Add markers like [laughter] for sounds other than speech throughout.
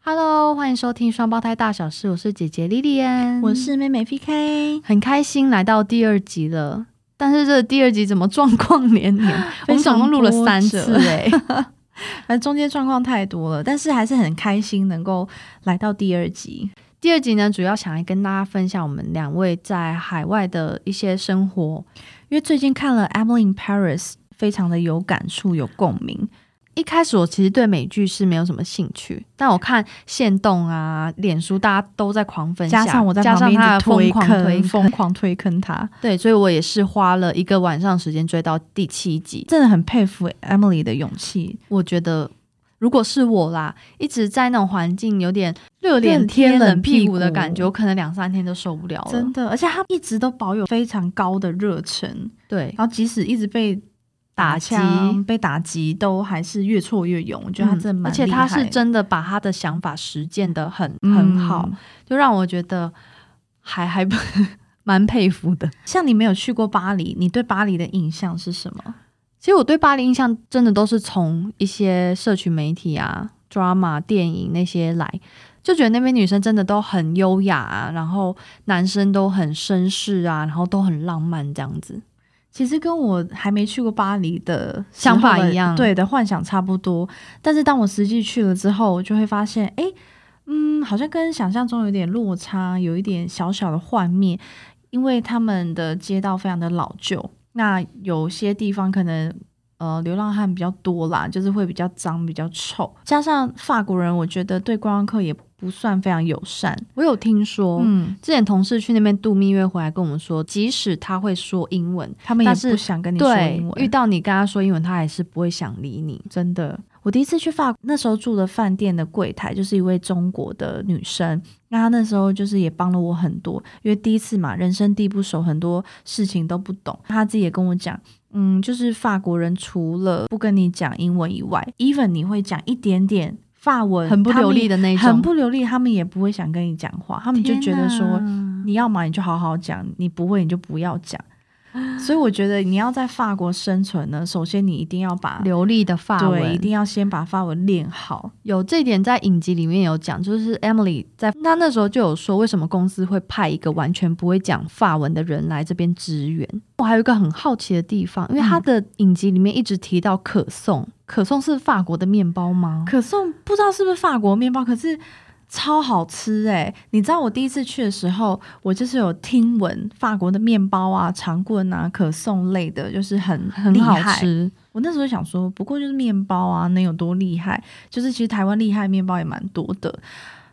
Hello，歡迎收聽《雙胞胎大小事》，我是姐姐 Lilian，我是妹妹 VK，很開心來到第二集了。但是這第二集怎麼狀況連連？我們總共錄了三次哎，反 [laughs] 正中間狀況太多了，但是還是很開心能夠來到第二集。第二集呢，主要想來跟大家分享我們兩位在海外的一些生活，因為最近看了《Emily in Paris》，非常的有感觸、有共鳴。一開始我其實對美劇是沒有什麼興趣，但我看限動啊、臉書大家都在狂分享，加上我在旁邊瘋狂推瘋狂推坑他。 [laughs] 對，所以我也是花了一個晚上時間追到第七集，真的很佩服 Emily 的勇氣。我覺得。如果是我啦，一直在那種環境，有點熱臉貼冷屁股的感覺，我可能兩三天都受不了了。真的，而且他一直都保有非常高的熱忱，對。然後即使一直被打槍、打擊被打擊，都還是越挫越勇。我、嗯、覺得他真的，蠻的，而且他是真的把他的想法實踐得很、嗯、很好，就讓我覺得還還 [laughs] 蠻佩服的。像你沒有去過巴黎，你對巴黎的印象是什麼？其實我對巴黎印象真的都是從一些社群媒體啊、drama、 [music] rama, 電影那些來，就覺得那邊女生真的都很優雅啊，然後男生都很紳士啊，然後都很浪漫這樣子。其實跟我還沒去過巴黎的想法一樣，對的幻想差不多。 [music] 但是當我實際去了之後，我就會發現，哎、欸，嗯，好像跟想象中有點落差，有一點小小的幻滅，因為他們的街道非常的老舊。那有些地方可能，呃，流浪漢比較多啦，就是會比較髒、比較臭。加上法國人，我覺得對觀光客也不算非常友善。我有聽說，嗯，之前同事去那邊度蜜月回來跟我們說，即使他會說英文，他們也是不想跟你說英文。對，遇到你跟他說英文，他還是不會想理你，真的。我第一次去法國，那時候住的飯店的櫃檯就是一位中國的女生，那她那時候就是也幫了我很多，因為第一次嘛，人生地不熟，很多事情都不懂。她自己也跟我講，嗯，就是法國人除了不跟你講英文以外，even 你會講一點點法文，很不流利的那種，很不流利，他們也不會想跟你講話，他們就覺得說，哪你要嘛你就好好講，你不會你就不要講。 [laughs] 所以我覺得你要在法國生存呢，首先你一定要把流利的法文，對，一定要先把法文練好。有這點在影集裡面有講，就是 Emily 在她那時候就有說，為什麼公司會派一個完全不會講法文的人來這邊支援？嗯，我還有一個很好奇的地方，因為她的影集裡面一直提到可頌，可頌是法國的麵包嗎？可頌不知道是不是法國麵包，可是。超好吃哎、欸！你知道我第一次去的時候，我就是有聽聞法國的麵包啊、長棍啊、可頌類的，就是很厲害很好吃。我那時候想說，不過就是麵包啊，能有多厲害？就是其實台灣厲害麵包也蠻多的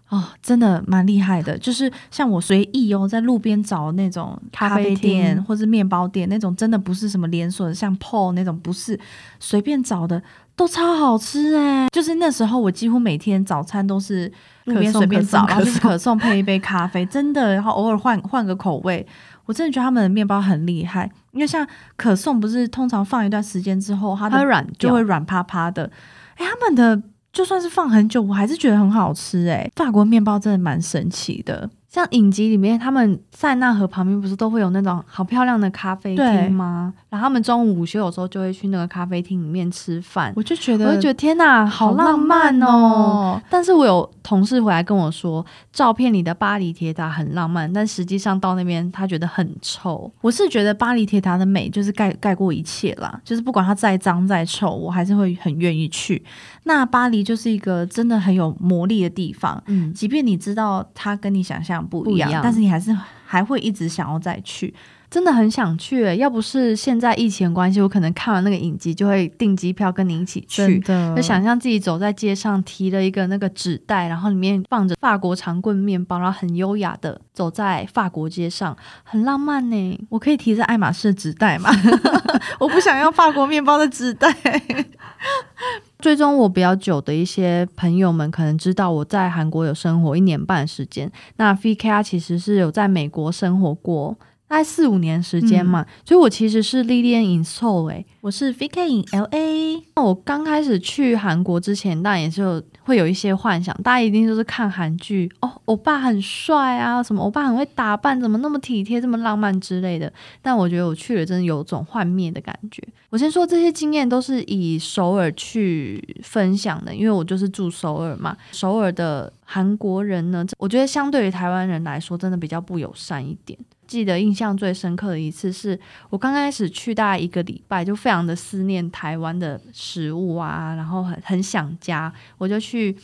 哦，真的蠻厲害的。就是像我隨意哦、喔，在路邊找那種咖啡店，咖啡店或是麵包店那種，真的不是什麼連鎖的，像 Paul 那種，不是隨便找的，都超好吃哎、欸！就是那時候我幾乎每天早餐都是。可便送便找，然後可頌頌頌配一杯咖啡， [laughs] 真的，然後偶爾換換個口味，我真的覺得他們的麵包很厲害，因為像可頌不是通常放一段時間之後，它軟就會軟趴趴的，哎、欸，他們的就算是放很久，我還是覺得很好吃、欸，哎，法國麵包真的蠻神奇的。像影集裡面，他們塞納河旁邊不是都會有那種好漂亮的咖啡廳嗎？對然後他們中午午休有時候就會去那個咖啡廳裡面吃飯。我就覺得，我就覺得天哪，好浪漫哦、喔！但是我有同事回來跟我說，照片裡的巴黎鐵塔很浪漫，但實際上到那邊他覺得很臭。我是覺得巴黎鐵塔的美就是蓋蓋過一切啦，就是不管它再髒再臭，我還是會很願意去。那巴黎就是一個真的很有魔力的地方，嗯，即便你知道它跟你想象。不一樣，但是你還是還會一直想要再去。真的很想去，欸，要不是現在疫情的關係，我可能看完那個影集，就會訂機票跟你一起去。的就想象自己走在街上，提了一個那個紙袋，然後裡面放着法國長棍麵包，然後很優雅的走在法國街上，很浪漫呢，欸。我可以提着愛馬仕紙袋嗎？ [laughs] [laughs] 我不想要法國麵包的紙袋。 [laughs] [laughs] 最終，我比較久的一些朋友們可能知道我在韓國有生活一年半的時間。那 V K R 其實是有在美國生活過。大概四五年時間嘛，嗯、所以我其實是 Lilian in Seoul 欸，我是 VK in LA。那我剛開始去韓國之前，當然也是有會有一些幻想，大家一定就是看韓劇哦，歐爸很帥啊，什麼歐爸很會打扮，怎麼那麼體貼，這麼浪漫之類的。但我覺得我去了真的有種幻滅的感覺。我先說這些經驗都是以首爾去分享的，因為我就是住首爾嘛。首爾的韓國人呢，我覺得相對於台灣人來說，真的比較不友善一點。記得印象最深刻的一次是我剛開始去大概一個禮拜，就非常的思念台灣的食物啊，然後很很想家，我就去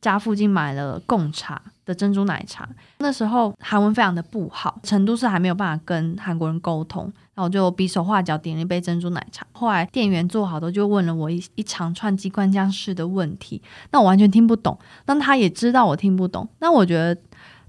家附近買了貢茶的珍珠奶茶。那時候韓文非常的不好，成都是還沒有辦法跟韓國人溝通，然後我就比手畫腳點了一杯珍珠奶茶。後來店員做好多就問了我一一長串機關槍式的問題，那我完全聽不懂，但他也知道我聽不懂，那我覺得。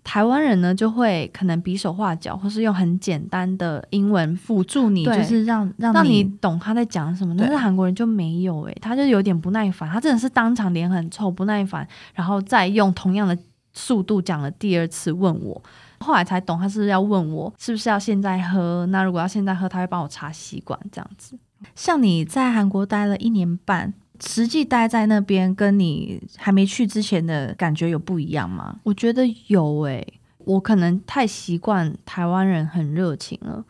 台灣人呢，就會可能比手畫腳，或是用很簡單的英文輔助你，對就是讓讓你，讓你懂他在講什麼。但是韓國人就沒有、欸，誒對，他就有點不耐煩，他真的是當場臉很臭，不耐煩，然後再用同樣的速度講了第二次問我。後來才懂他是不是要問我是不是要現在喝？那如果要現在喝，他會幫我插吸管這樣子。像你在韓國待了一年半，實際待在那邊，跟你還沒去之前的感覺有不一樣嗎？我覺得有誒、欸，我可能太習慣台灣人很熱情了，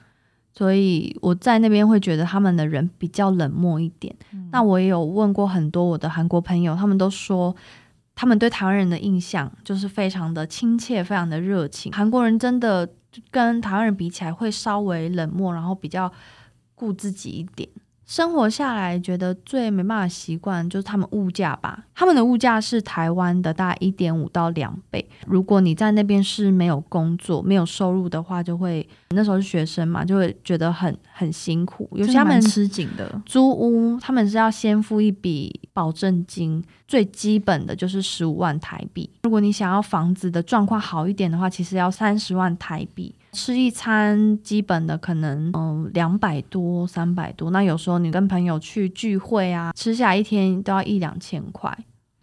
所以我在那邊會覺得他們的人比較冷漠一點。嗯。那我也有問過很多我的韓國朋友，他們都說他們對台灣人的印象就是非常的親切，非常的熱情。韓國人真的跟台灣人比起來會稍微冷漠，然後比較顧自己一點。生活下來覺得最沒辦法習慣就是他們物價吧，他們的物價是台灣的大概一點五到兩倍。如果你在那邊是沒有工作、沒有收入的話，就會那時候是學生嘛，就會覺得很很辛苦。尤其他們吃緊的，租屋他們是要先付一筆保證金，最基本的就是十五萬台幣。如果你想要房子的狀況好一點的話，其實要三十萬台幣。吃一餐基本的可能嗯，兩百多三百多，那有時候你跟朋友去聚會啊，吃下一天都要一兩千塊，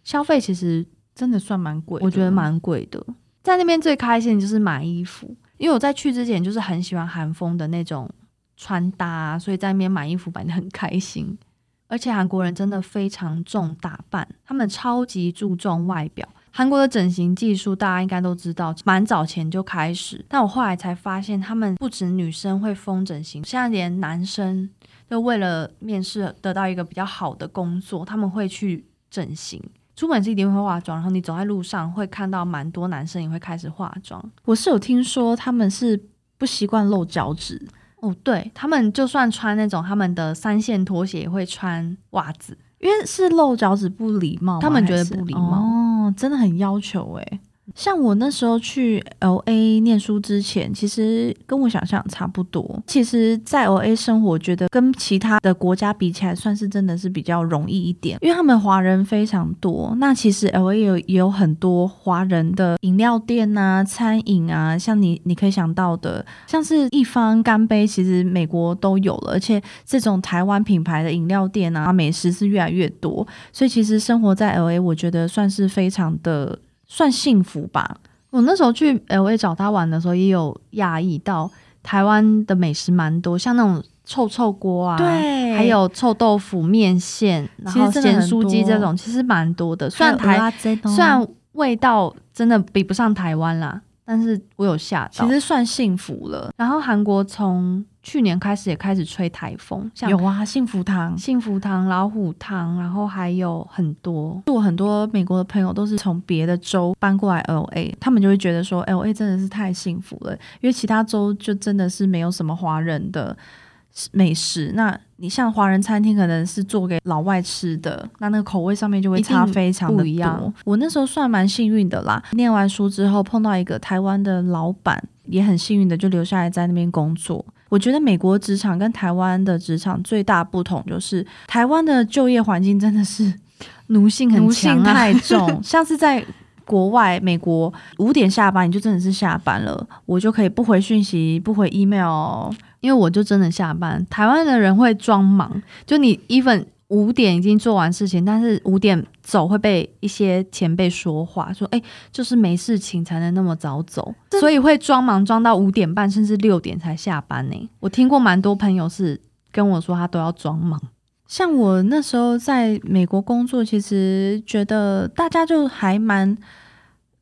消費其實真的算蠻貴的，我覺得蠻貴的。在那邊最開心的就是買衣服，因為我在去之前就是很喜歡韓風的那種穿搭、啊，所以在那邊買衣服買得很開心。而且韓國人真的非常重打扮，他們超級注重外表。韓國的整形技術，大家應該都知道，蠻早前就開始。但我後來才發現，他們不只女生會瘋整形，現在連男生，為了面試得到一個比較好的工作，他們會去整形。出門是一定會化妝，然後你走在路上會看到蠻多男生也會開始化妝。我是有聽說他們是不習慣露腳趾，哦，對，他們就算穿那種他們的三線拖鞋，也會穿襪子。因為是露腳趾不禮貌，他們覺得不禮貌，哦，真的很要求哎、欸。像我那時候去 LA 念書之前，其實跟我想象差不多。其實，在 LA 生活，我覺得跟其他的國家比起來，算是真的是比較容易一點，因為他們華人非常多。那其實 LA 有也有很多華人的飲料店啊、餐飲啊，像你你可以想到的，像是一芳乾杯，其實美國都有了。而且這種台灣品牌的飲料店啊、美食是越來越多，所以其實生活在 LA，我覺得算是非常的。算幸福吧。我那時候去 LA 找他玩的時候，也有訝異到台灣的美食蠻多，像那種臭臭鍋啊，對還有臭豆腐、麵線、然後鹹酥雞這種，其實蠻多，多的。雖然台雖然味道真的比不上台灣啦，但是我有下其實算幸福了。然後韓國從去年開始也開始吹台風，像有啊，幸福堂、幸福堂、老虎堂，然後還有很多。就我很多美國的朋友都是從別的州搬過來 LA，他們就會覺得說，LA 真的是太幸福了，因為其他州就真的是沒有什麼華人的美食。那你像華人餐廳，可能是做給老外吃的，那那個口味上面就會差非常的多，一定不一樣。我那時候算蠻幸運的啦，念完書之後碰到一個台灣的老闆，也很幸運的就留下來在那邊工作。我覺得美國職場跟台灣的職場最大不同就是，台灣的就業環境真的是奴性很強啊，奴性太重。 [laughs] 像是在國外，美國五點下班你就真的是下班了，我就可以不回訊息、不回 email 哦，因為我就真的下班。台灣的人會裝忙，就你 even。五點已經做完事情，但是五點走會被一些前輩說話，說，哎，就是沒事情才能那麼早走，這，所以會裝忙裝到五點半甚至六點才下班呢、欸。我聽過蠻多朋友是跟我說，他都要裝忙。像我那時候在美國工作，其實覺得大家就還蠻。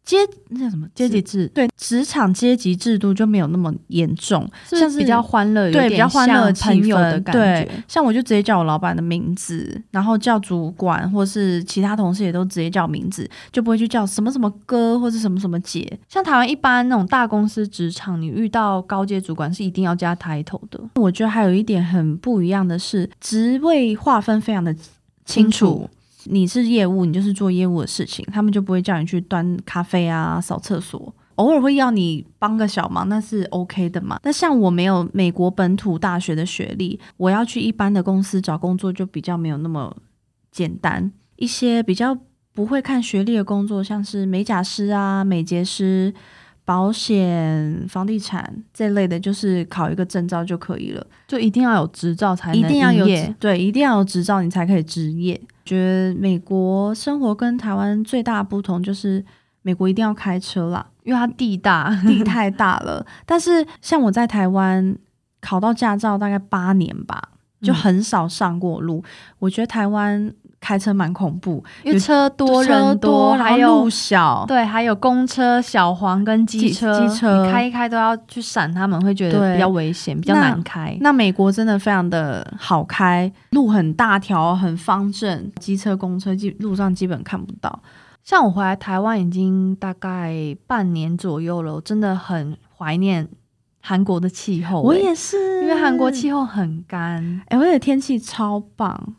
階那叫什麼階級制？對，職場階級制度就沒有那麼嚴重，是像是比較歡樂，對，比較歡樂朋友的感覺對。像我就直接叫我老闆的名字，然後叫主管或是其他同事也都直接叫名字，就不會去叫什麼什麼哥或是什麼什麼姐。像台灣一般那種大公司職場，你遇到高階主管是一定要加抬頭的。我覺得還有一點很不一樣的是，職位劃分非常的清楚。嗯你是業務，你就是做業務的事情，他們就不會叫你去端咖啡啊、掃廁所。偶爾會要你幫個小忙，那是 OK 的嘛。但像我沒有美國本土大學的學歷，我要去一般的公司找工作就比較沒有那麼簡單。一些比較不會看學歷的工作，像是美甲師啊、美睫師、保險、房地產這類的，就是考一個證照就可以了。就一定要有執照才能執業，一定要有對，一定要有執照你才可以執業。覺得美國生活跟台灣最大不同就是美國一定要開車啦，因為它地大地， [laughs] 地太大了。但是像我在台灣考到駕照大概八年吧，就很少上過路。嗯、我覺得台灣。開車蠻恐怖，因為車多人車多，還有路小。對，還有公車、小黃跟機車，機車你開一開都要去閃他們，會覺得比較危險，對比較難開那。那美國真的非常的好開，路很大條，很方正，機車、車、公車基路上基本看不到。像我回來台灣已經大概半年左右了，我真的很懷念韓國的氣候、欸。我也是，因為韓國氣候很乾，哎、欸，我覺得天氣超棒。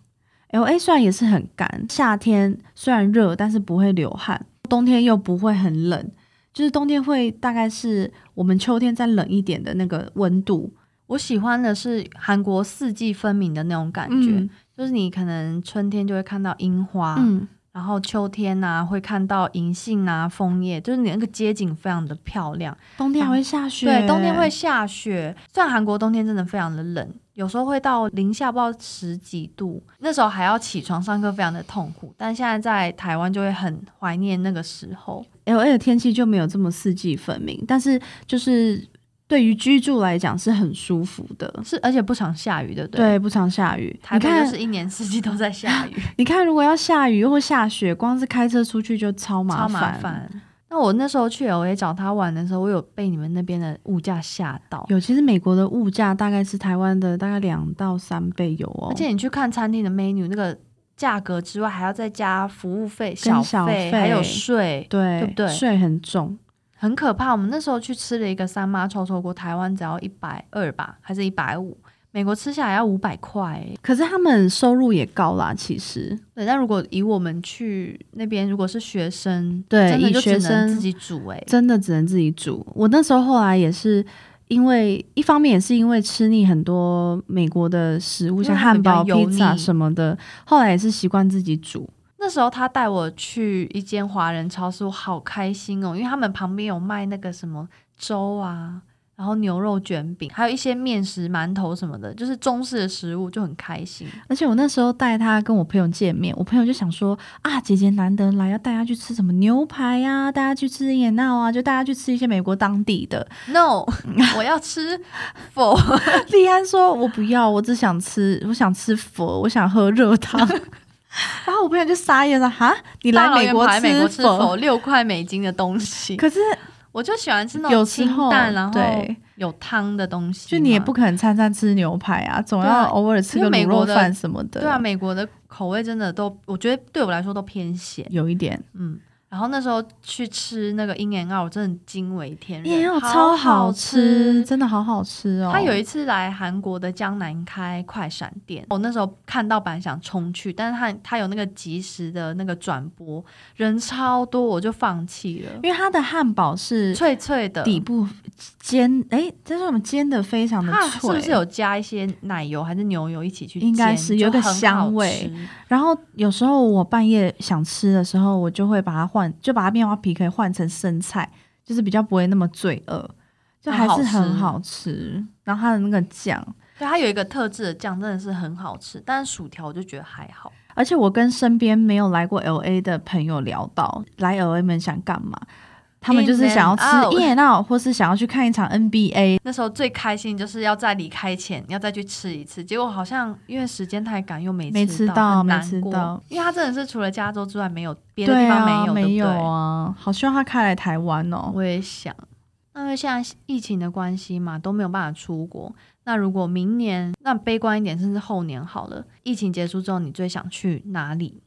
L A 雖然也是很乾，夏天雖然熱，但是不會流汗，冬天又不會很冷，就是冬天會大概是我們秋天再冷一點的那個溫度。我喜歡的是韓國四季分明的那種感覺，嗯，就是你可能春天就會看到櫻花。嗯。然後秋天吶，會看到銀杏啊、楓葉，就是那個街景非常的漂亮。冬天還會下雪。對，冬天會下雪。雖然韓國冬天真的非常的冷，有時候會到零下不知道十幾度，那時候還要起床上課，非常的痛苦。但現在在台灣就會很懷念那個時候。LA 的天氣就沒有這麼四季分明，但是就是。對於居住來講是很舒服的，是而且不常下雨的，對，對，對，不常下雨。你看，是一年四季都在下雨。你看，你看如果要下雨或下雪，光是開車出去就超麻煩。超麻煩，那我那時候去，LA 找他玩的時候，我有被你們那邊的物價嚇到。有，其實美國的物價大概是台灣的大概兩到三倍有哦。而且你去看餐廳的 menu 那個價格之外，還要再加服務費、小費還有稅，對對，對不對，稅很重。很可怕，我們那時候去吃了一個三媽臭臭鍋，台灣只要一百二吧，還是一百五，美國吃下來要五百塊。可是他們收入也高啦，其實。對，但如果以我們去那邊，如果是學生，對，以學生自己煮，哎，真的只能自己煮。我那時候後來也是，因為一方面也是因為吃膩很多美國的食物，像漢堡、油披薩什麼的，後來也是習慣自己煮。那時候他帶我去一間華人超市，我好開心哦，因為他們旁邊有賣那個什麼粥啊，然後牛肉卷餅，還有一些麵食、饅頭什麼的，就是中式的食物，就很開心。而且我那時候帶他跟我朋友見面，我朋友就想說啊，姐姐難得來，要帶他去吃什麼牛排呀、啊，大家去吃熱鬧啊，就大家去吃一些美國當地的。No， [laughs] 我要吃佛，利 [laughs] 安說：“我不要，我只想吃，我想吃佛，我想喝熱湯。” [laughs] 然後我朋友就傻眼了，哈，你來美國吃否美國是否六塊美金的東西？可是我就喜歡吃那種清淡，然後有湯的東西。就你也不可能餐餐吃牛排啊，總要偶爾吃個滷肉飯什麼的、的。對啊，美國的口味真的都，我覺得對我來說都偏鹹，有一點，嗯。然後那時候去吃那個 In-N-Out 我真的驚為天人，哦、好好超好吃，真的好好吃哦。他有一次來韓國的江南開快閃店，哦、我那時候看到本來想衝去，但是他他有那個即時的那個轉播，人超多，我就放棄了。因為他的漢堡是脆脆的，底部煎，哎，這是我們煎的非常的脆，是不是有加一些奶油還是牛油一起去煎，應該是有個香味。然後有時候我半夜想吃的時候，我就會把它換。就把它麵包皮可以換成生菜，就是比較不會那麼罪惡，就還是很好吃。好吃然後它的那個醬，對它有一個特制的醬，真的是很好吃。但是薯條我就覺得還好。而且我跟身邊沒有來過 LA 的朋友聊到，來 LA 們想幹嘛？他們就是想要吃 In-N-Out、哦、或是想要去看一場 NBA。那時候最開心就是要在離開前要再去吃一次，結果好像因為時間太趕，又沒沒吃到，沒吃到很難過。沒吃，因為他真的是除了加州之外沒有別的地方沒有、對啊、對不對？沒有啊，好希望他開來台灣哦。我也想。那因為現在疫情的關係嘛，都沒有辦法出國。那如果明年，那悲觀一點，甚至後年好了，疫情結束之後，你最想去哪裡？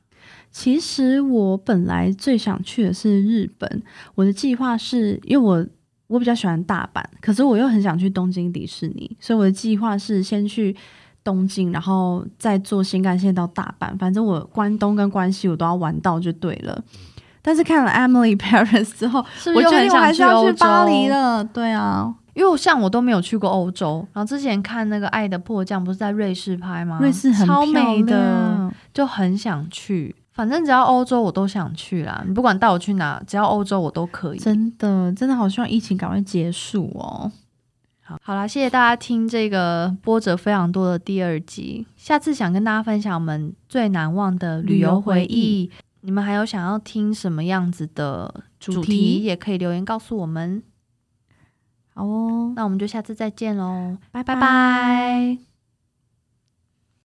其實我本來最想去的是日本，我的計劃是因為我我比較喜歡大阪，可是我又很想去東京迪士尼，所以我的計劃是先去東京，然後再坐新幹線到大阪。反正我關東跟關西我都要玩到就對了。但是看了 Emily Paris 之後，是不是我覺得我還是要去巴黎了。對啊。因為像我都沒有去過歐洲，然後之前看那個《愛的迫降》不是在瑞士拍嗎？瑞士很漂亮，超美的，就很想去。反正只要歐洲，我都想去啦。你不管帶我去哪，只要歐洲，我都可以。真的，真的好希望疫情趕快結束哦！好，好啦，謝謝大家聽這個波折非常多的第二集。下次想跟大家分享我們最難忘的旅遊回憶，回憶你們還有想要聽什麼樣子的主題，主題也可以留言告訴我們。好哦，oh, 那我們就下次再見嘍，拜拜。拜拜。